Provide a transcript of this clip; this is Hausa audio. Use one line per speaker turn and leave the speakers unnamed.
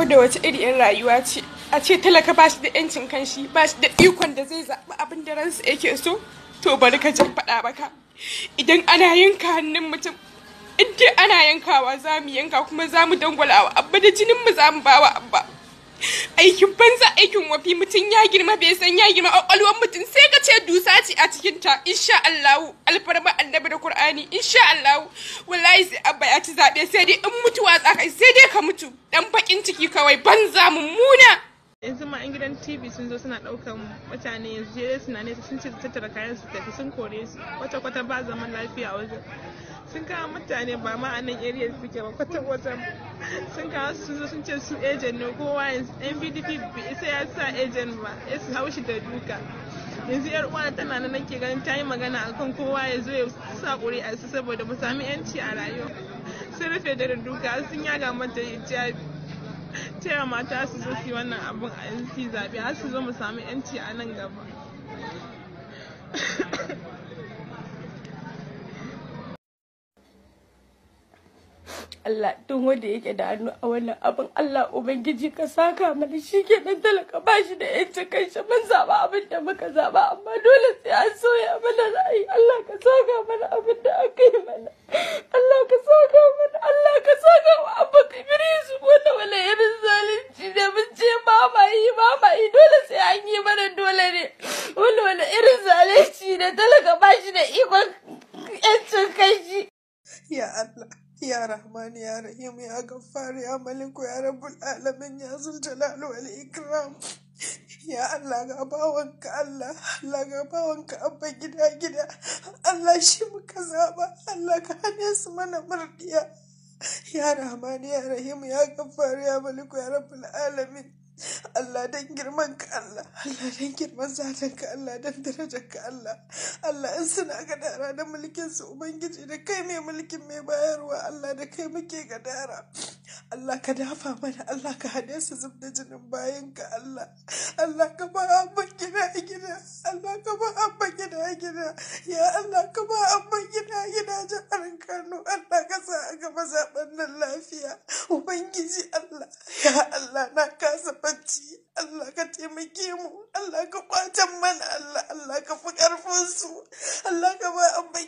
wadda wace iri yan rayuwa ce a ce talaka ba shi da yancin kanshi ba shi da ikon da zai zaɓi abin da ransa yake so to bari ka je faɗa baka idan ana yanka hannun mutum in ana yankawa za mu yanka kuma za mu dangwala wa abba da jinin mu za mu ba abba aikin banza aikin wafi mutum ya girma bai san ya girma ƙwaƙwalwar mutum sai ka ce dusa ce a cikin ta insha Allahu alfarma annabi da Qur'ani insha Allahu wallahi sai abba ya ci zabe sai dai in mutu mutuwa tsakai sai dai ka mutu dan bakin ciki kawai banza mummuna
yanzu ma an gidan tv sun zo suna daukan mutane yanzu je suna ne sun ce tattara kayan su tafi sun kore su kwata-kwata ba zaman lafiya wajen sun kawo mutane ba ma a nan area suke ba kwata wajen sun kawo su zo sun ce su agent ne kowa npdp isa ya sa agent ba ya su shi da duka yanzu yar uwa tana nan nake ganin ta yi magana akan kowa ya zo ya sa a su saboda mu sami yanci a rayuwa sun rufe da duka sun yaga mata ta taya mata su zo su yi wannan abun a yanzu zaɓe har su zo mu sami yanci a nan gaba
Allah duk wanda yake da hannu a wannan abin Allah ubangiji ka saka mana shi ke nan talaka ba shi da yancin shi mun zaba abin da muka zaba amma dole sai an soya mana ra'ayi Allah ka saka mana abin da aka yi mana Allah ka saka mana Allah ka saka wa abin su wanda wala irin zalunci da mun ce ma yi ma yi dole sai an yi mana dole ne wala wala irin zalunci da talaka ba shi da ikon yancin kanshi
ya Allah Ya Rahman, ya Rahim, Ya Gaffar, Ya ملك ya Rabbul Alamin, Ya ذو الجلال Ikram. ya Allah ga bawanka Allah Allah ga bawanka abba gida gida Allah shi muka zaba Allah ka hane su mana murdiya ya Rahman, ya rahim ya Gaffar, ya maliku ya rabbul alamin Allah don girman ka Allah Allah don girman zatan ka Allah don darajar ka Allah Allah in suna gadara da mulkin su ubangiji da kai mai mulkin mai bayarwa Allah da kai muke gadara Allah ka dafa mana Allah ka hade su zub da jinin bayan ka Allah Allah ka ba abban gida gida Allah ka ba abban gida gida ya Allah ka ba abban gida gida ja Kano Allah ka sa a gaba zaben nan lafiya Ubangiji Allah ya Allah na kasa bacci Allah ka taimake mu Allah ka kwatan mana Allah Allah ka fi karfin su Allah ka ba